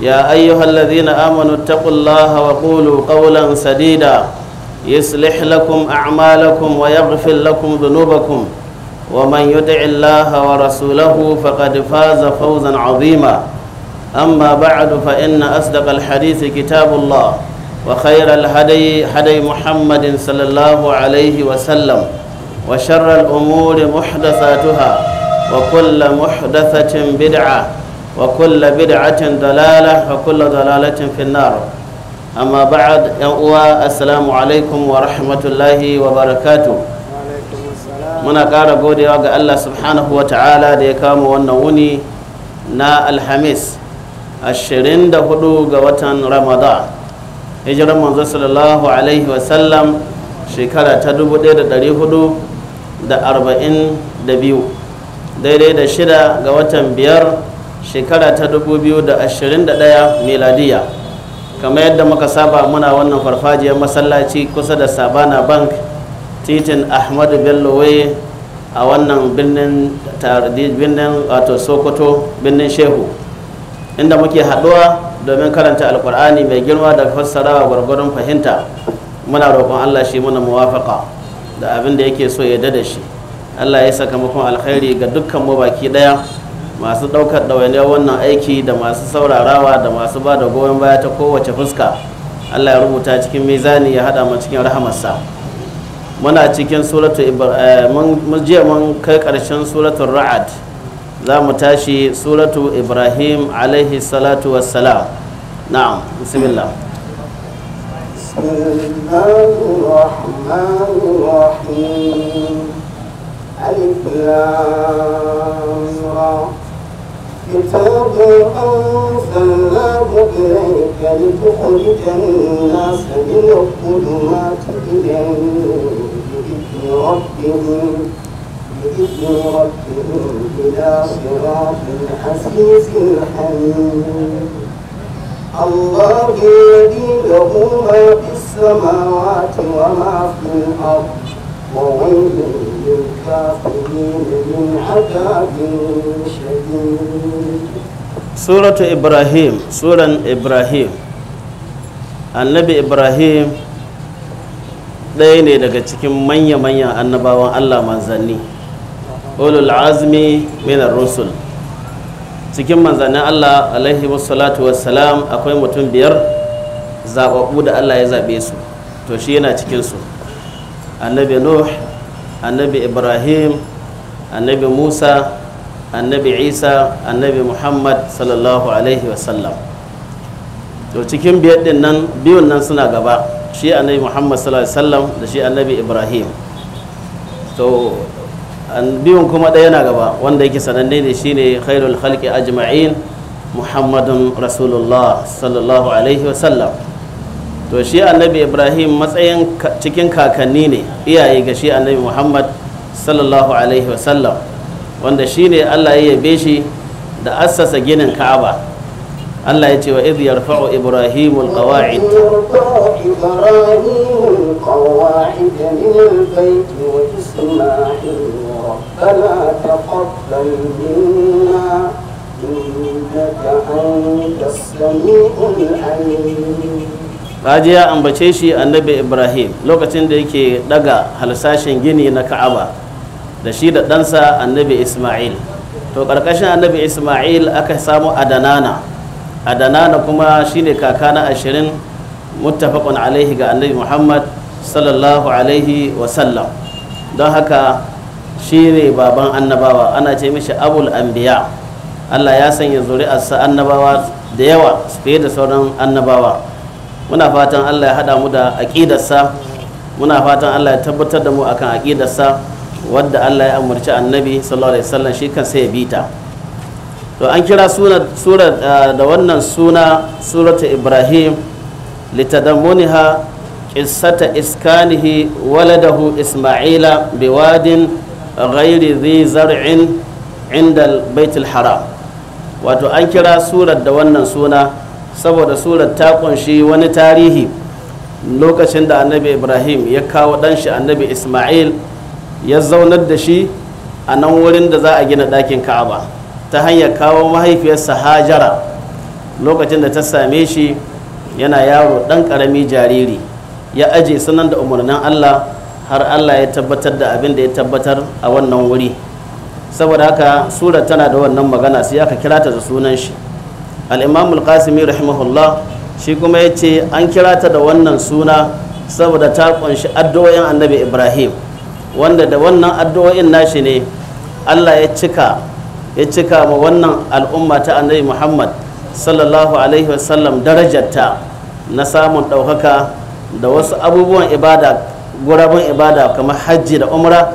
يا أيها الذين آمنوا اتقوا الله وقولوا قولا سديدا يصلح لكم أعمالكم ويغفر لكم ذنوبكم ومن يطع الله ورسوله فقد فاز فوزا عظيما أما بعد فإن أصدق الحديث كتاب الله وخير الهدي هدي محمد صلى الله عليه وسلم وشر الأمور محدثاتها وكل محدثة بدعة وكل بدعة ضلالة وكل ضلالة في النار أما بعد يا السلام عليكم ورحمة الله وبركاته muna ƙara godewa ga Allah subhanahu wa ta'ala da ya kama wannan wuni na alhamis 24 ga watan ramadan hijiran manzo sallallahu alaihi wasallam shekara ta 1442 daidai da shida ga watan biyar shekara ta da ashirin 2021 miladiya kamar yadda muka saba muna wannan farfajiyar masallaci kusa da sabana bank titin ahmadu bello waye a wannan birnin wato sokoto birnin shehu inda muke haɗuwa domin karanta alkur'ani mai girma da fassarawa gwargwadon fahimta muna roƙon allah shi muna muwafaka da abin da yake so ya dada shi allah ya sakamakon alkhairi ga dukkan mu baki ɗaya masu ɗaukar ɗawainiyar wannan aiki da masu saurarawa da masu ba da goyon baya ta kowace fuska allah ya rubuta cikin mizani ya haɗa mu cikin rahamarsa muna cikin suratu eh, jiya mun kai ƙarshen suratu ra'ad za mu tashi suratu ibrahim alaihi salatu wassalam na'am bismillah Ra كتاب أنزلناه إليك لتخرج الناس من الظلمات إلى بإذن ربهم بإذن ربهم إلى صراط العزيز الحميد الله الذي له ما في السماوات وما في الأرض suratu للكافرين من عذاب شديد سورة إبراهيم سورة إبراهيم annabi ibrahim ɗaya ne daga cikin manya-manyan annabawan allah manzanni ulul azmi minar rusul cikin manzannin allah alaihi wasu wassalam akwai mutum biyar zaɓaɓɓu da allah ya zaɓe su to shi yana cikinsu annabi nuh annabi ibrahim annabi musa annabi isa annabi muhammad sallallahu alaihi wasallam to cikin biyar din nan biyun nan suna gaba shi annabi muhammad sallallahu alaihi wasallam da shi annabi ibrahim to biyun kuma ɗaya na gaba wanda yake sananne ne shine khairul khalqi ajma'in muhammadun rasulullah sallallahu alaihi wasallam to shi annabi ibrahim matsayin cikin kakanni ne iyaye ga shi annabi muhammad sallallahu alaihi wasallam wanda shi ne allah ya yabe shi da assasa ginin ka'aba allah ya ce wa idh yarfa'u ibrahimu alqawa'id إنك أنت السميع العليم kaji ya ambace shi annabi ibrahim lokacin da yake daga halsashen gini na ka'aba da shi da ɗansa annabi isma'il to ƙarƙashin annabi isma'il aka samu adanana adanana kuma shine kaka na ashirin muttafaqun alaihi ga annabi muhammad sallallahu alaihi wasallam don haka shi ne baban annabawa ana ce mishi abul anbiya allah ya sanya zuri'arsa annabawa da yawa fiye da sauran annabawa muna fatan Allah ya haɗa mu da aƙidarsa muna fatan Allah ya tabbatar da mu akan aƙidarsa wadda Allah ya umarci annabi sallallahu alaihi wasallam shi kan sai ya to an kira sura ah, da wannan suna surata ibrahim litadammuniha qissata iskanihi waladahu isma'ila biwadin ghairi dhi zar'in inda baitul haram wato an kira surar da wannan suna saboda surat ta kunshi wani tarihi lokacin da annabi ibrahim ya kawo ɗanshi annabi ismail ya zaunar da shi a nan wurin da za a gina dakin ka'aba ta hanyar kawo mahaifiyarsa hajara lokacin da ta same shi yana yaro ɗan ƙarami jariri ya aje sanan da umarnin allah har allah ya tabbatar da abin da ya tabbatar a wannan wuri saboda haka surar tana da wannan magana sai aka kira ta da sunan shi al-imam rahimahullah shi kuma ya ce an kira ta da wannan suna saboda ta kunshi addu'o'in annabi ibrahim wanda da wannan addu'o'in nashi ne allah ya cika ya cika ma wannan al'umma ta annabi muhammad sallallahu alaihi wasallam darajarta na samun ɗaukaka da wasu abubuwan ibada gurabin ibada kamar hajji da umra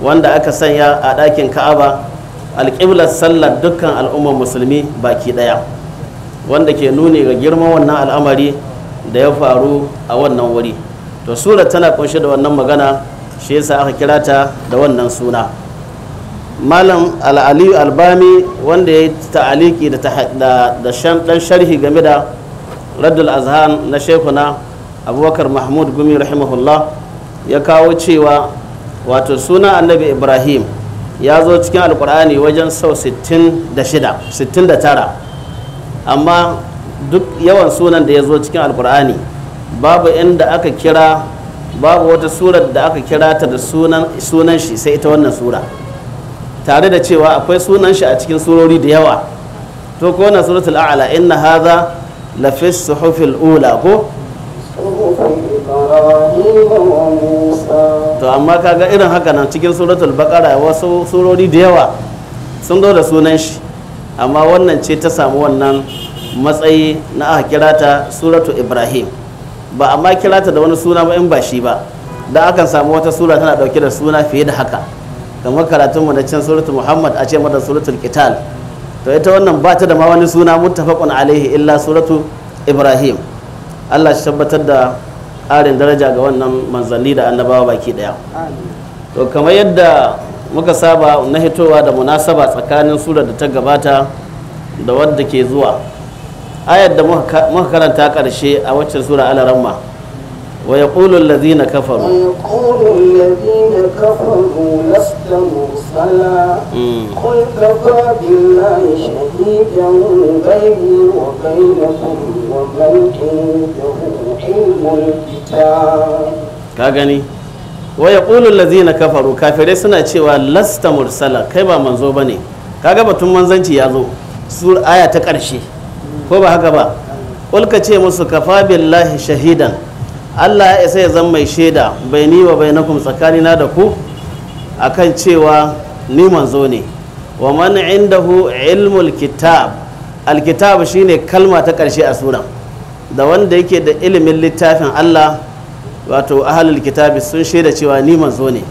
wanda aka sanya a ɗakin ka'aba alƙiblar sallar dukkan al'ummar musulmi baki ɗaya wanda ke nuni ga girman wannan al'amari da ya faru a wannan wuri to sura tana kunshe da wannan magana shi yasa aka kira ta da wannan suna malam al'aliyu albami wanda ya ta'aliki da dan sharhi game da raddul azhan na shekuna abubakar mahmud gumi rahimahullah ya kawo cewa wato suna annabi ibrahim ya zo cikin alkur'ani wajen sau da 69 amma duk yawan sunan da ya zo cikin alkur'ani babu inda aka kira babu wata surar da aka kira ta da sunan, shi sai ita wannan sura tare da cewa akwai sunan shi a cikin surori da yawa to ko wannan suratul a'la inna hadha la fi suhufil ula ko to amma kaga irin haka nan cikin suratul baqara wasu surori da yawa sun da sunan shi amma wannan ce ta samu wannan matsayi na aka kira ta suratu ibrahim ba amma kira ta da wani suna ba in ba shi ba da akan samu wata sura tana dauke da suna fiye da haka kamar karatunmu na can suratu muhammad a ce mata suratul qital to ita wannan ba ta da ma wani suna muttafaqun alaihi illa suratu ibrahim Allah shi tabbatar da ƙarin daraja ga wannan manzanni da annabawa baki daya to kamar yadda muka saba na hitowa da munasaba tsakanin surar da ta gabata da wadda ke zuwa ayat da muka karanta karshe a waccan sura al-ramma wa yaqulu allazina kafaru wa yaqulu allazina kafaru nastamu sala mm. qul kafa billahi shahidan bayni wa baynakum wa man tuhu ilmul kitab ka gani wa yaqulu na kafaru kafirai suna cewa lasta mursala kai ba manzo ba bane kaga batun manzanci ya zo sur aya ta ƙarshe. ko ba haka ba kulka ce musu kafa billahi shahidan Allah ya isa ya zan mai shaida bai ni wa bai nakum tsakanina da ku akan cewa ni manzo ne wa man indahu ilmul kitab alkitab shine kalma ta ƙarshe a sura da wanda yake da ilimin littafin Allah wato ahalul kitabi sun shaida cewa ni manzo ne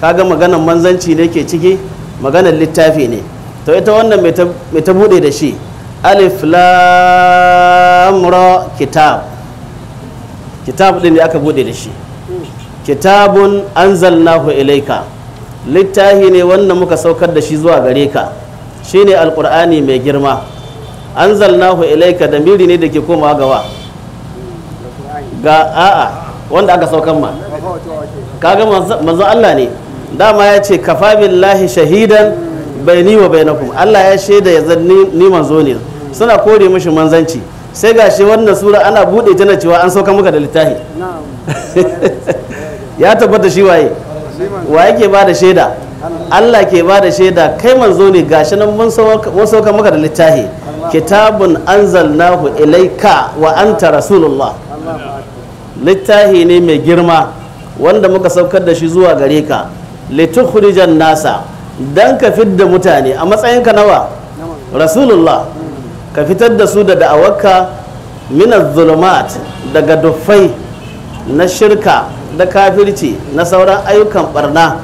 ka ga maganar manzanci ne ke ciki maganar littafi ne to ita wannan mai ta bude da shi alif lam ra kitab kitab din da aka bude da shi kitabun anzalnahu ilaika littafi ne wannan muka saukar da shi zuwa gare ka shine alkur'ani mai girma anzalnahu ilaika da miri ne da ke komawa gawa ga a'a wanda aka saukan ma kaga manzo Allah ne dama ya ce kafa billahi shahidan baini wa bainakum Allah ya shaida ya zan ni manzo ne suna kore mishi manzanci sai gashi wannan sura ana bude tana cewa an sauka muka da littafi ya tabbata shi waye wa yake ba da shaida Allah ke ba da shaida kai manzo ne gashi nan mun sauka muka da littafi kitabun anzalnahu ilayka wa anta rasulullah littafi ne mai girma wanda muka saukar da shi zuwa gare ka litukhrijan nasa dan ka fidda mutane a matsayin ka nawa rasulullah ka fitar da su da da'awarka min zulumat daga duffai na shirka da kafirci na sauran ayyukan barna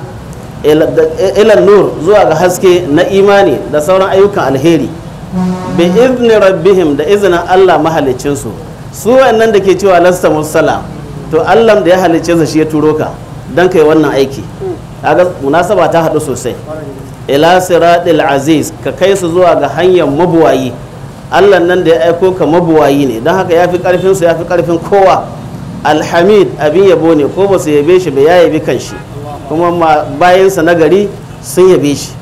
ilan nur zuwa ga haske na imani da sauran ayyukan alheri bi izni rabbihim da izinin Allah mahalicinsu su wayannan da ke cewa lasta musala to allah da ya halicce sa shi ya turo ka don kai wannan aiki kaga munasaba ta haɗu sosai ila siratil aziz ka kai su zuwa ga hanyar mabuwayi allah nan da ya aiko ka mabuwayi ne don haka ya fi karfin su ya fi karfin kowa alhamid abin yabo ne ko ba su yabe shi ba ya yabi shi kuma bayansa na gari sun yabe shi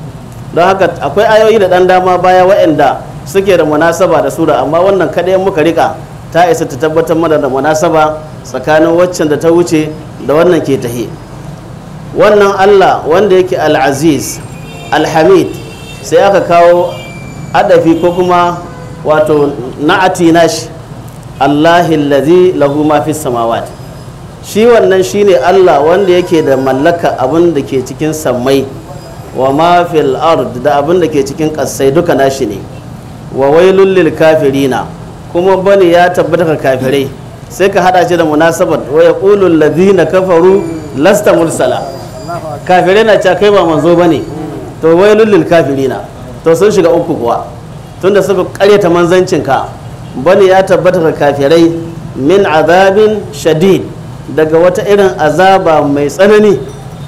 don haka akwai ayoyi da ɗan dama baya waɗanda suke da munasaba da sura amma wannan kaɗai muka rika ta isa ta tabbatar mana da munasaba tsakanin waccan da ta wuce da wannan ke tahe wannan allah wanda yake al'aziz alhamid sai aka kawo adafi ko kuma wato na'ati nashi allahi lazi lahu mafi samawat shi wannan shine Allah wanda yake da mallaka abin da ke cikin sammai wa mafi da abin da ke cikin ƙasai duka nashi ne wa wailun lil kafirina kuma bani ya tabbata ka kafirai sai ka hada shi da munasabar wa yaqulu na kafaru lasta mursala kafirai na cakai ba manzo ba ne, to wailul kafiri kafirina to sun shiga uku kuwa tunda suka karyata manzancinka bani ya tabbata ka kafirai min azabin shadid daga wata irin azaba mai tsanani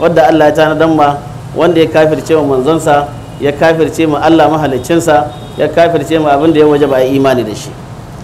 wadda Allah ya dan ma wanda ya kafirce wa manzansa, ya kafirce ma Allah mahalicinsa, ya kafirce ma abin da ya waje ba imani da shi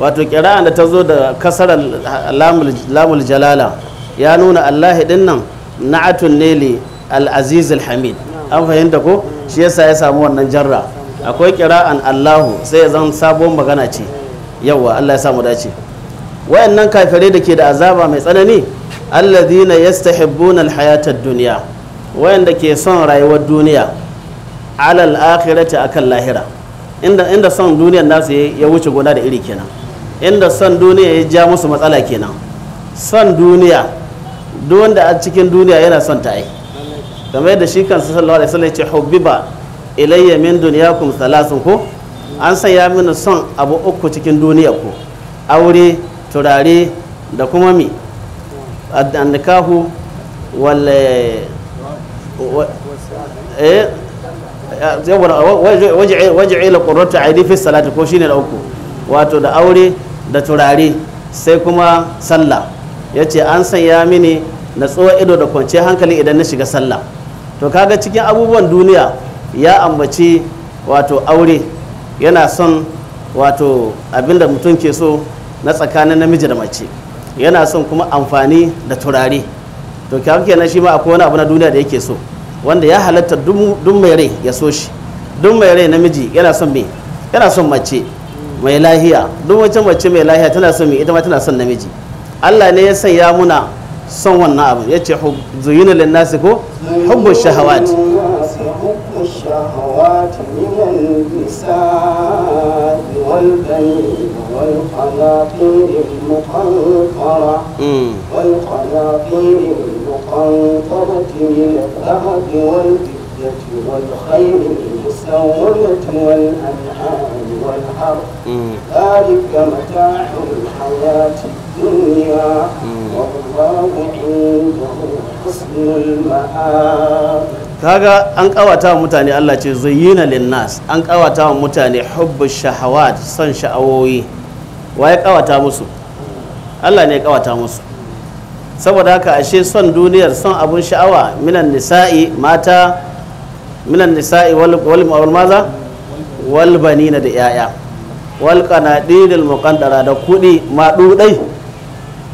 wato kira'a da ta zo da kasarar lamul jalala ya nuna allahi din nan na'atun ne li al hamid an fahimta ko shi yasa ya samu wannan jarra akwai kira'an allahu sai ya zan sabon magana ce yawa allah ya samu dace wayannan kafirai da ke da azaba mai tsanani alladhina yastahibbuna al-hayata duniya dunya wayanda ke son rayuwar duniya alal akhirati akan lahira inda son duniyar nasu ya wuce gona da iri kenan inda son duniya ya ja musu matsala kenan son duniya duk wanda a cikin duniya yana son ta yi kamar yadda shi kansa sallallahu alaihi wasallam ya ce hubbiba ilayya min dunyakum salasun ko an ya mini son abu uku cikin duniya ku aure turare da kuma mi annikahu wale eh waje ila qurratu aidi fi salati ko shine da uku wato da aure da turare sai kuma sallah ya ce an sanya mini na tsowa ido da kwanciyar hankali idan na shiga sallah to kaga cikin abubuwan duniya ya ambaci wato aure yana son wato abinda mutum ke so na tsakanin namiji da mace yana son kuma amfani da turare to kyau kenan shi ma akwai wani abu na duniya da yake so wanda ya halatta duk mai rai ya so shi duk rai namiji yana son me yana son mace mai lahiya duk wata mace mai lahiya tana son mai ita ma tana son namiji Allah ne ya sanya muna son wannan abin ya ce zuyina lin nasi ko hubbu shahawat والقناطير المقنطرة من الذهب والفضة المسومة والأنعام والأرض ذلك متاع الحياة الدنيا والله عنده حسن المآب kaga an kawata wa mutane Allah ce zayyina linnas an kawata wa mutane hubbu shahawat son sha'awoyi wa ya kawata musu Allah ne ya kawata musu saboda haka ashe son duniyar son abun sha'awa minan nisa'i mata minan nisa'i wal wal maza wal na da yaya wal qanadiril mukandara da kudi madudai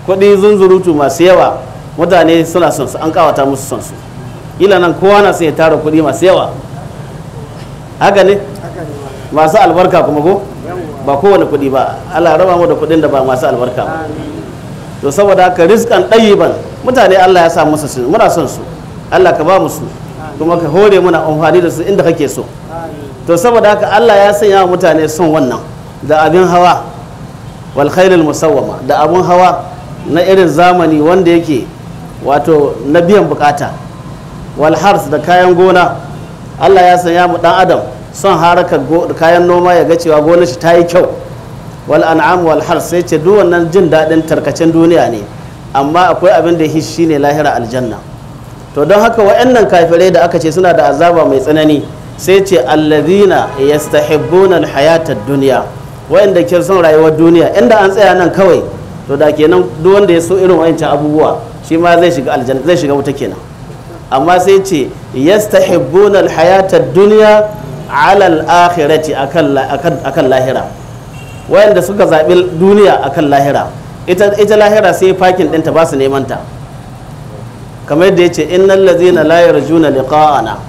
kuɗi zunzurutu masu yawa mutane suna son su an kawata musu son su ila nan kowa na sai ya tara kuɗi masu yawa haka ne masu albarka kuma ko ba kowane kuɗi ba Allah raba mu da kuɗin da ba masu albarka ba to saboda haka rizkan ban mutane Allah ya sa musu muna son su Allah ka ba mu su kuma ka hore muna amfani da su inda kake so to saboda haka Allah ya sanya wa mutane son wannan da abin hawa wal khairul musawwama da abin hawa na irin zamani wanda yake wato na biyan bukata wal hars da kayan gona Allah ya sanya mu dan adam son harakar kayan noma ya ga cewa gonar shi ta yi kyau wal an'am wal hars sai ce duk wannan jin daɗin tarkacen duniya ne amma akwai abin da shi ne lahira aljanna to don haka wa'annan kafirai da aka ce suna da azaba mai tsanani sai ce alladhina yastahibbuna alhayata hayatar duniya wayanda ke son rayuwar duniya inda an tsaya nan kawai to da kenan duk wanda ya so irin wayancan abubuwa shi ma zai shiga aljanna zai shiga wuta kenan amma sai ce ya alhayata ad-dunya ala akhirati akan akan lahira wayanda suka zaɓi duniya akan lahira ita lahira sai fakin ɗinta ba su neman ta kamar yadda ya ce innal lazina layar juna liƙa'ana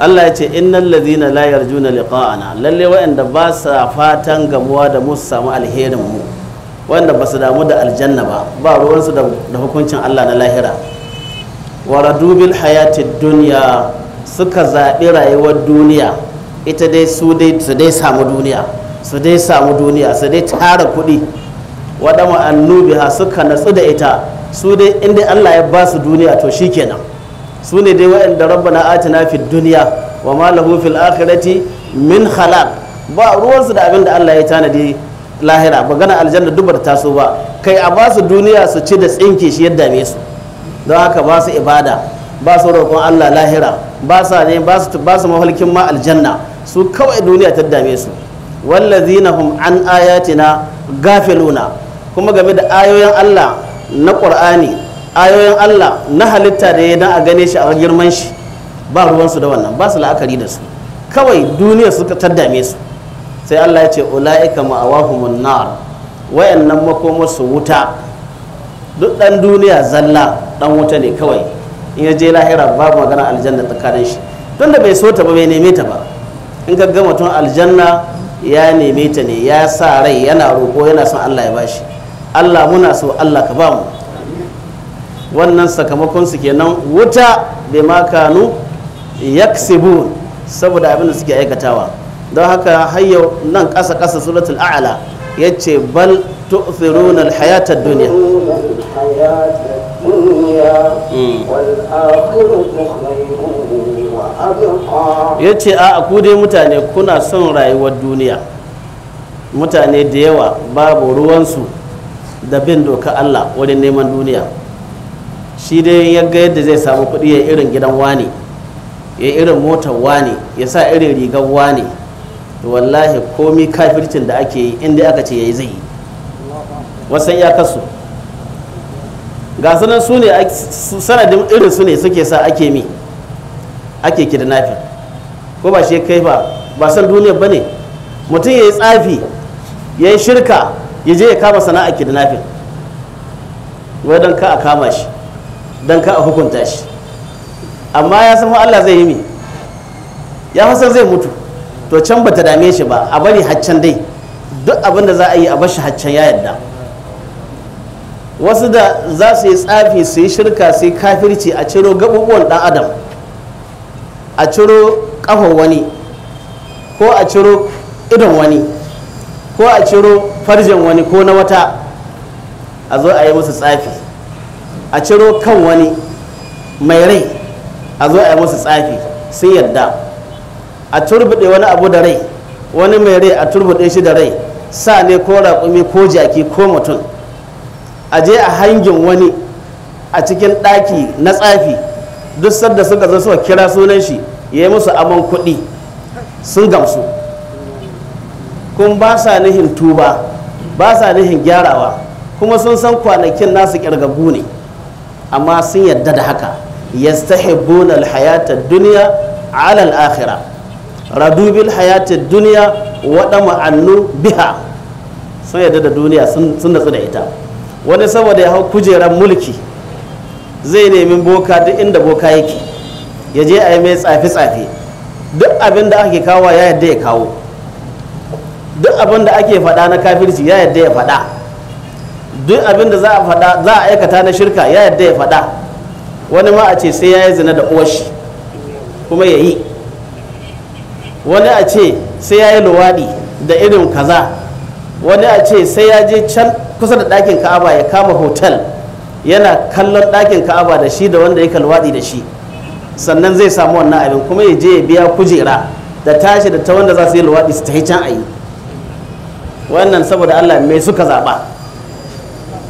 Allah ya ce innal ladhina la yarjuna liqa'ana lalle wa'anda ba sa fatan gamuwa da mu samu alherin mu wanda ba su damu da aljanna ba ba ruwansu da hukuncin Allah na lahira waradu bil hayati duniya suka zaɓi rayuwar duniya ita dai su dai su dai samu duniya su dai samu duniya su dai tara kuɗi waɗama annubiha suka natsu da ita su dai inda Allah ya ba su duniya to shikenan su ne dai waɗanda rabbana atina fid duniya wa ma lahu fil akhirati min khalaq ba ruwansu da abin da Allah ya tanadi lahira ba gana aljanna dubar taso ba kai a ba su duniya su ci da tsinke shi yadda ne su don haka ba su ibada ba su roƙon Allah lahira ba sa ne ba su ba su mahalkin ma aljanna su kawai duniya ta dame su wallazina hum an ayatina gafiluna kuma game da ayoyin Allah na Qur'ani ayoyin Allah na halitta da ya dan a gane shi a girman shi ba ruwansu da wannan ba su la'akari da su kawai duniya suka taddame su sai Allah ya ce ula'ika ma'awahumun nar wayannan makomarsu wuta duk dan duniya zalla dan wuta ne kawai in ya je lahira babu magana aljanna tsakanin shi tunda bai so ta ba bai neme ta ba in ka ga mutum aljanna ya neme ta ne ya sa rai yana roƙo yana son Allah ya bashi Allah muna so Allah ka ba mu wannan sakamakon su kenan wuta bai makanu yaksibun saboda abin da suke aikatawa don haka hayyau nan ƙasa ƙasa suratul a'ala ya ce bal tu'thirun alhayata duniya hmm. ya ce a ku dai mutane kuna son rayuwar duniya mutane da yawa babu ruwansu da bin doka Allah wurin neman duniya shi dai ya ga yadda zai samu kuɗi ya irin gidan wane ya irin motar wane ya sa irin rigar wane to wallahi komi kafircin da ake yi inda aka ce ya yi zai wasan ya kasu ga sanan su ne sanadin irin su ne suke sa ake mi ake kidnapping ko ba shi kai ba ba san duniya ba ne mutum ya yi tsafi ya yi shirka ya je ya kama sana'a kidnapping wai don ka a kama shi don ka a hukunta shi amma ya san Allah zai yi mi ya fasan zai mutu to can bata dame shi ba a bari haccan dai duk abin da za a yi a bashi haccan ya yadda wasu da za su yi tsafi su yi shirka su yi kafirci a ciro gabubuwan ɗan adam a ciro kafan wani ko a ciro idon wani ko a ciro farjin wani ko na wata a zo a yi musu tsafi a ciro kan wani mai rai a zo a yi musu tsafi sun yadda a turbuɗe wani abu da rai wani mai rai a turbuɗe shi da rai sa ne ko raƙumi ko jaki ko mutum a je a hangin wani a cikin ɗaki na tsafi duk sadda suka zo suka kira sunan shi ya yi musu amon kuɗi sun gamsu kun ba sa nihin tuba ba sa nihin gyarawa kuma sun san kwanakin nasu ƙirgagu ne amma sun yadda da haka yastahibbuna alhayata dunya ala alakhirah radu bil hayati dunya wa annu biha sun yadda da duniya sun natsu da ita wani saboda ya hau kujerar mulki zai nemi boka duk inda boka yake ya je a yi mai tsafi tsafi duk abin da ake kawo ya yadda ya kawo duk abin da ake faɗa na kafirci ya yadda ya faɗa duk abin da za a faɗa za a aikata na shirka ya yadda ya faɗa wani ma a ce sai ya yi zina da uwashi kuma ya yi wani a ce sai ya yi luwaɗi da irin kaza wani a ce sai ya je can kusa da ɗakin ka'aba ya kama hotel yana kallon ɗakin ka'aba da shi da wanda ya luwaɗi da shi sannan zai samu wannan abin kuma ya je ya biya kujera da tashi da ta wanda za su yi luwaɗi su ta can a yi wannan saboda allah mai suka zaɓa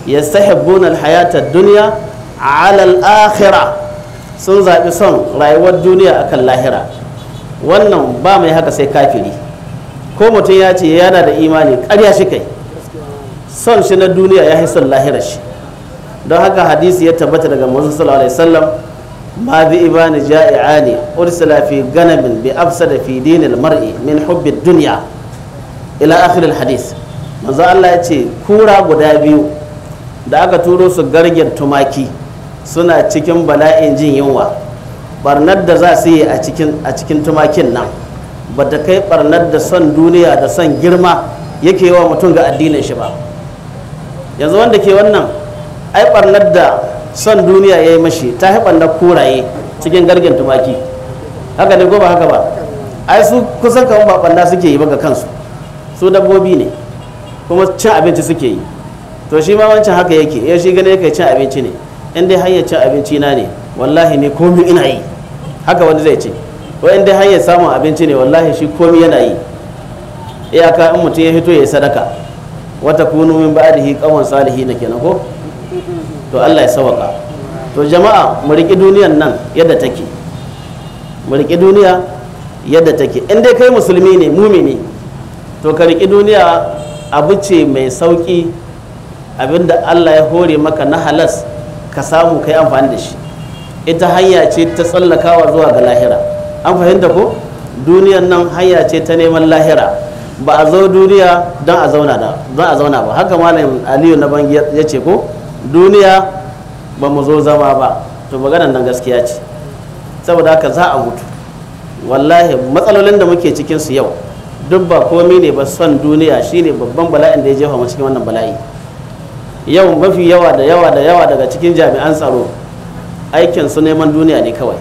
yastahibbuna alhayata ad-dunya ala al-akhirah sun zaɓi son rayuwar duniya akan lahira wannan ba mai haka sai kafiri ko mutum ya ce yana da imani ƙarya shi kai son shi na duniya ya haison lahirar shi don haka hadisi ya tabbata daga musu sallallahu alaihi wasallam ma bi ibani ja'i'ani ursila fi ganamin bi afsada fi dinil mar'i min hubbi dunya ila akhir hadis manzo Allah ya ce kura guda biyu da aka turo su gargin tumaki suna cikin bala'in jin yunwa barnar da za su yi a cikin tumakin nan ba ta kai barnar da son duniya da son girma yake yi wa mutum ga addinin shi ba yanzu wanda ke wannan ai barnar da son duniya ya yi mashi ta haɓar na koraye cikin gargin tumaki haka ne ko ba haka ba ai su kusan kamar ba barna suke yi ba ga kansu su dabbobi ne kuma cin abinci suke yi to shi ma wancan haka yake ya eh, shi gane kai cin abinci ne in dai hanyar cin abinci na ne wallahi ne komi ina yi haka wani zai ce ko in dai hanyar samun abinci ne wallahi shi komi yana yi iyaka in mutum ya hito ya sadaka wata kunu min ba'dihi qawman salihin kenan ko to Allah ya sawaka to jama'a mu riki duniyar nan yadda take mu riki duniya yadda take in dai kai musulmi ne mumini to ka riki duniya abu ce mai sauki abinda Allah ya hore maka na halas ka samu kai amfani da shi ita hanya ce ta tsallakawa zuwa ga lahira an fahimta ko duniyan nan hanya ce ta neman lahira ba a zo duniya don a zauna da don a zauna ba haka malam aliyu na bangi ya ce ko duniya ba mu zo zama ba to maganar nan gaskiya ce saboda haka za a mutu wallahi matsalolin da muke cikinsu yau duk ba komai ne ba son duniya shine babban bala'in da ya jefa mu cikin wannan bala'i yau mafi yawa da yawa da yawa daga cikin jami'an tsaro aikin su neman duniya ne kawai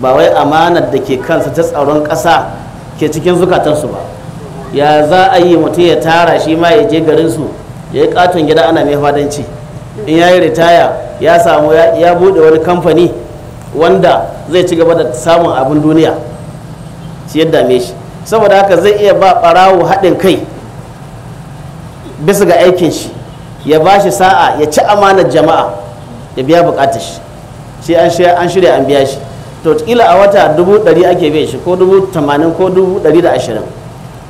ba wai amanar da ke kansa ta tsaron ƙasa ke cikin zukatansu ba ya za a yi mutum ya tara shi ma ya je garinsu ya yi katon gida ana mai fadanci in ya yi ritaya ya samu ya buɗe wani kamfani wanda zai ci gaba da samun abin duniya shi ya dame shi saboda haka zai iya ba ɓarawo haɗin kai bisa ga aikin shi ya ba shi sa'a ya ci amanar jama'a ya biya bukatar shi sai an shirya an biya shi to kila a wata dubu ɗari ake bai shi ko dubu tamanin ko dubu ɗari da ashirin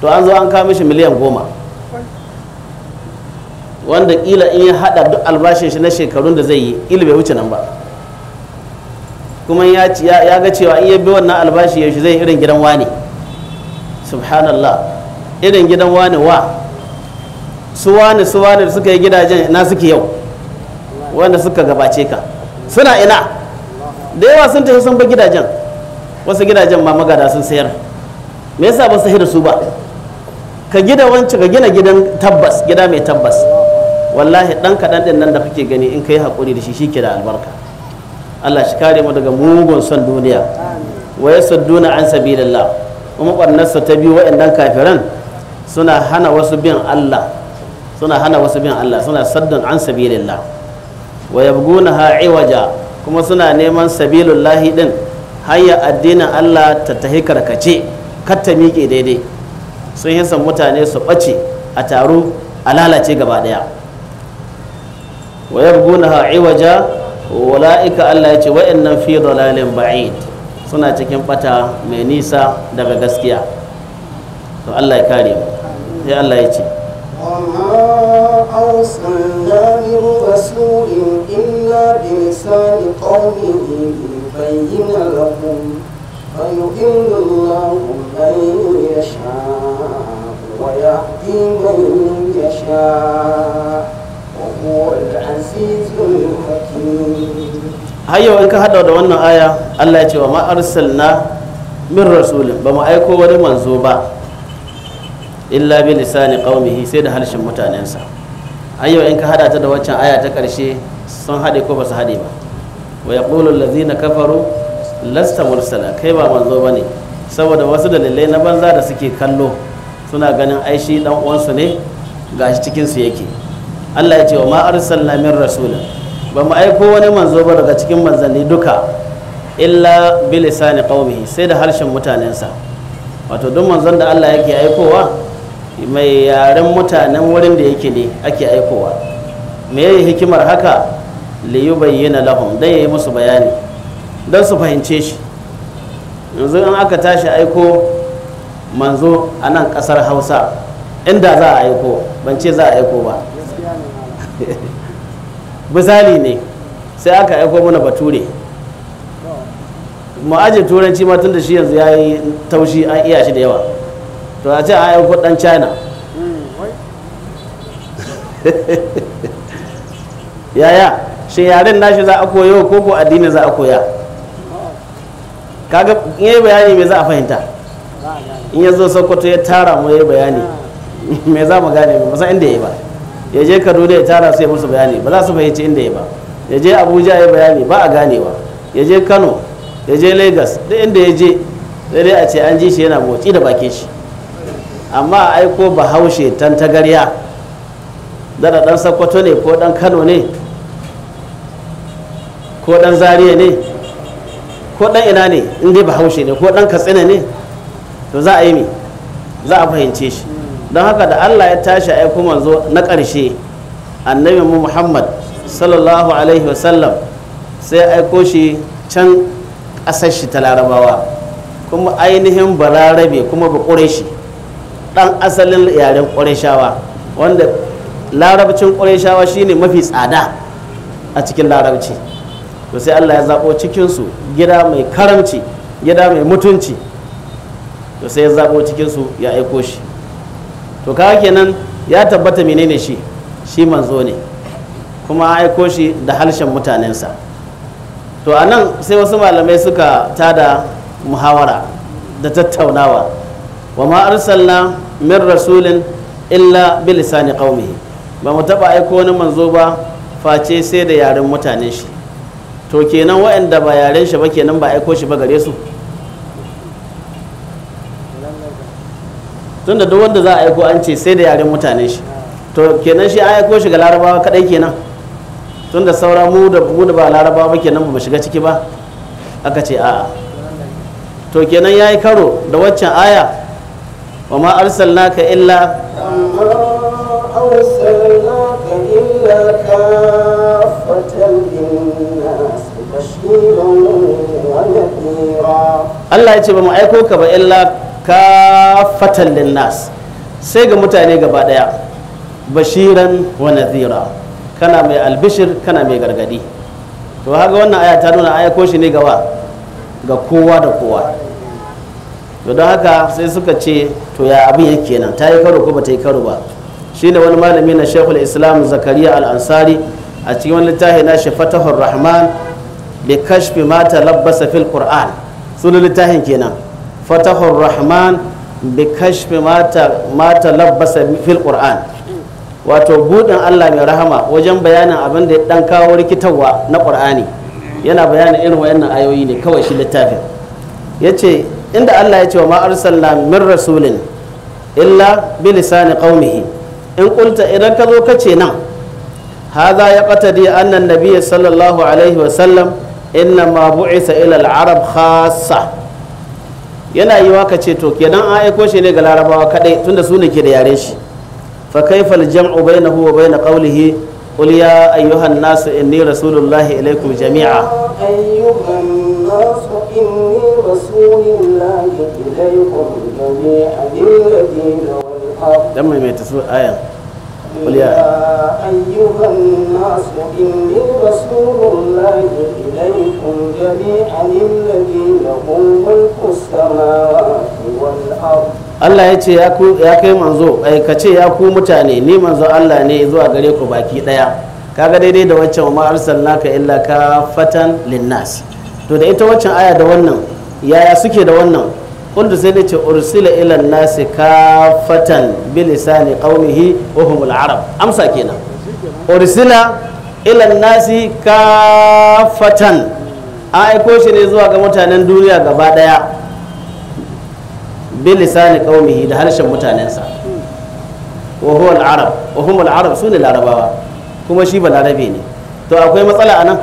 to an zo an kawo mishi miliyan goma wanda kila in ya haɗa duk albashin shi na shekarun da zai yi kila bai wuce nan ba kuma ya ga cewa in ya bi wannan albashi yaushe zai irin gidan wane subhanallah irin gidan wane wa su wani da suka yi gidajen na suke yau wanda suka gabace ka suna ina da yawa sun tafi sun bar gidajen wasu gidajen ma magada sun sayar me yasa ba su da su ba ka gida wance ka gina gidan tabbas gida mai tabbas wallahi dan kaɗan ɗin nan da kake gani in ka yi haƙuri da shi shi ke da albarka Allah shi kare mu daga mugun son duniya wa yasudduna an sabilillah kuma ɓarnarsa ta biyu waɗannan kafiran suna hana wasu bin Allah suna hana wasu bin Allah suna saddan an sabilillah wa yabgunaha iwaja kuma suna neman sabilullahi din hayya addinin Allah ta tahi karkace kar ta miƙe daidai sun yi san mutane su ɓace a taro a lalace gaba ɗaya wa yabgunaha iwaja wala'ika Allah ya ce wa'annan fi dalalin ba'id suna cikin bata mai nisa daga gaskiya to Allah ya kare mu sai Allah ya ce أرسلنا رسول إلا بلسان قومه ليبين لهم فيضل الله من يشاء ويهدي من يشاء وهو العزيز الحكيم in ka hada da wannan aya Allah ya ce wa ma arsalna min rasulin ba mu aiko wani manzo ba illa bi lisani qaumihi sai da harshen mutanensa yau in ka hada ta da waccan aya ta karshe sun hade ko ba su hade ba wa lazi na kafaru lasta mursala kai ba manzo ba ne saboda wasu dalilai na banza da suke kallo suna ganin ai shi dan uwansu ne ga shi cikin su yake Allah ya ce wa ma salamin rasula ba mu aiko wani manzo ba daga cikin manzanni duka illa bilisani qaumihi sai da harshen mutanensa wato duk manzon da Allah yake aikowa mai yaren mutanen wurin da yake ne ake aikowa me yayi hikimar haka liyu bayyana lahum dan yayi musu bayani don su fahimce shi yanzu in aka tashi aiko manzo a nan kasar hausa inda za a aiko ban ce za a aiko ba misali ne sai aka aiko mana bature mu aje turanci ma tun da shi yanzu ya yi taushi an iya shi da yawa to a ce a yi kudin china yaya shi yaren nashi za a koyo ko ko addini za a koya kaga in yi bayani me za a fahimta in ya zo sokoto ya tara mu yi bayani me za mu gane mai masa inda ya yi ba ya je kaduna ya tara su musu bayani ba za su fahimci inda ya ba ya je abuja ya bayani ba a ganewa ya je kano ya je lagos duk inda ya je sai dai a ce an ji shi yana motsi da bakin shi amma aiko aiko bahaushe tan tagarya dana dan sakwato ne ko dan kano ne ko dan zariya ne ko dan ina ne in dai bahaushe ne ko dan katsina ne to za a yi mi za a fahimce shi don haka da allah ya tashi aiko manzo na ƙarshe annabi mu muhammad sallallahu alaihi wasallam sai aiko shi can ƙasar shi ta larabawa kuma ainihin balarabe kuma ba ƙure shi dan asalin yaren ƙwarishawa wanda larabcin ƙwarishawa shine mafi tsada a cikin larabci to sai Allah ya zaɓo cikinsu gida mai karamci gida mai mutunci to sai ya zaɓo cikinsu ya aiko shi to kawa kenan ya tabbata menene shi shi manzo ne kuma aiko shi da harshen mutanensa to a nan sai wasu malamai suka tada muhawara da tattaunawa wa ma arsalna min rasulin illa bi lisani qaumihi ba mu taba aiko wani manzo ba face sai da yaren mutanen shi to kenan waɗanda ba yaren shi ba kenan ba aiko shi ba gare su tunda duk wanda za a aiko an ce sai da yaren mutanen shi to kenan shi a aiko shi ga larabawa kadai kenan tunda saura mu da mu da ba larabawa ba kenan ba mu shiga ciki ba aka ce a'a to kenan yayi karo da waccan aya وما أرسلناك إلا Allah ya ce ba mu aiko ka ba illa ka fatan linnas sai ga mutane gaba daya bashiran wa nadhira kana mai albishir kana mai gargadi to haka wannan aya ta nuna aya koshi ne gaba ga kowa da kowa to don haka sai suka ce to ya abin yake nan ta yi karo ko ba ta yi karo ba shi ne wani malami na shekul islam zakariya alansari a cikin wani littafi na shi fatahun rahman bi kashfi mata labbasa fil qur'an suna littafin kenan fatahun rahman bi kashfi mata labbasa fil qur'an wato budin Allah mai rahama wajen bayanin abin da ya dan kawo rikitarwa na qur'ani yana bayanin irin wayannan ayoyi ne kawai shi littafin ya ce. inda Allah ya ce wa ma min rasulin illa bi lisani qaumihi in qulta idan ka zo ka ce nan hadha yaqtadi anna an-nabiy sallallahu alaihi wa sallam inna ma bu'isa ila al-arab khassa yana yi wa ka ce to kenan an aiko shi ne ga larabawa kadai tunda su ne ke da yare shi fa kayfa al-jam'u bainahu wa bain qawlihi qul ya ayyuhan nasu inni rasulullahi ilaykum jami'a رسول الله إليكم جميعا الذين والحق دم ما تسوء آية قل يا أيها الناس إني رسول الله إليكم جميعا الذي له ملك السماوات والأرض Allah ya ce ya kai manzo ai ka ce ya ku mutane ni manzo Allah ne zuwa gare ku baki daya kaga daidai da waccan ma arsalnaka illa ka fatan linnas to da ita waccan aya da wannan yaya suke da wannan kuntu sai ne ce ursila ilan nasi kafatan bilisani qaumihi wa arab amsa kenan ursila ilan nasi kafatan an aiko shi ne zuwa ga mutanen duniya gaba daya bilisani qaumihi da harshen mutanensa wa huwa al-arab wa ne sune larabawa kuma shi ba balarabe ne to akwai matsala anan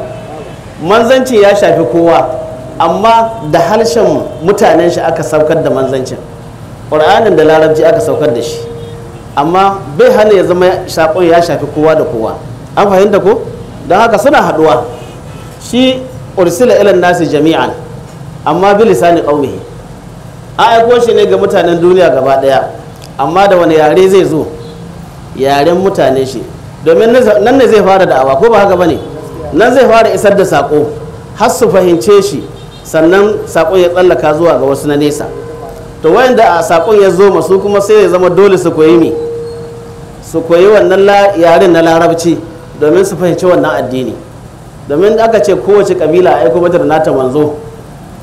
manzanci ya shafi kowa amma da harshen mutanen shi aka saukar da manzancin ƙur'anin da larabci aka saukar da shi amma bai hana ya zama saƙon ya shafi kowa da kowa an fahimta ko don haka suna haɗuwa shi ursila ilan nasi jami'an amma bi lisani qaumihi a aiko shi ne ga mutanen duniya gaba ɗaya amma da wani yare zai zo yaren mutane shi domin nan ne zai fara da'awa ko ba haka bane nan zai fara isar da saƙo har su fahimce shi sannan sakon ya tsallaka zuwa ga wasu na nesa to wayanda a sakon ya zo masu kuma sai ya zama dole su koyi mi su koyi wannan yaren na larabci domin su fahimci wannan addini domin aka ce kowace kabila a aiko mata da nata manzo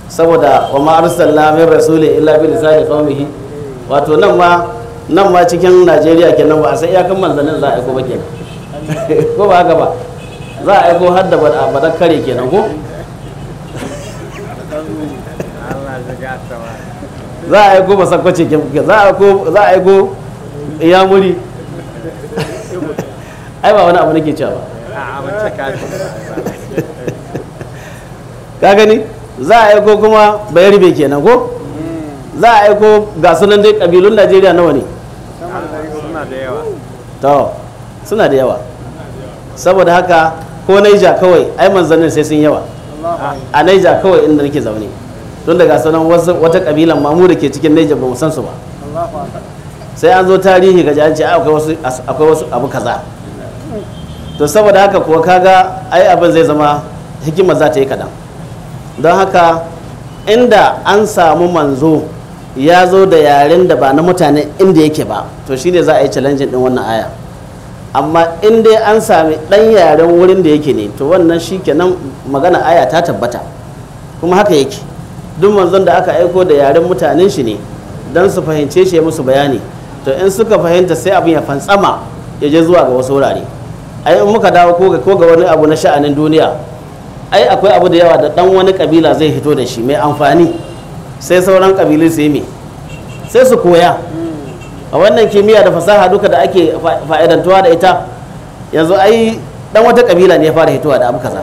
saboda wa ma arsalna min rasuli illa bi lisani qaumihi wato nan ma nan ma cikin Najeriya kenan ba a san iyakan manzannin za a aiko ba kenan ko ba haka ba za a aiko har da kare kenan ko za a aiko ba sakwace ke za a aiko ya muri ai ba wani abu nake cewa ba ka gani za a aiko kuma bayar bai kenan ko za a aiko ga sunan dai kabilun najeriya nawa ne suna da yawa saboda haka ko naija kawai ai manzannin sai sun yawa a naija kawai inda nake zaune tun daga sanan wata kabilan mamu da ke cikin Niger ba mu san su ba sai an zo tarihi ga a ah, akwai wasu abu kaza to saboda haka kuwa kaga ai abin zai zama hikima za ta yi kadan don haka inda an samu manzo ya zo da yaren da ba na mutane inda yake ba to shine za a yi challenge din wannan aya amma in dai an sami dan yaren wurin da yake ne to wannan shikenan magana aya ta tabbata kuma haka yake duk manzon da aka aiko da yaren mutanen shi ne don su fahimce shi musu bayani to in suka fahimta sai abin ya fantsama ya je zuwa ga wasu wurare ai in muka dawo ko ga wani abu na sha'anin duniya ai akwai abu da yawa da dan wani kabila zai hito da shi mai amfani sai sauran kabilu su yi me sai su koya a wannan kimiyya da fasaha duka da ake fa'idantuwa da ita yanzu ai dan wata kabila ne ya fara hitowa da abu kaza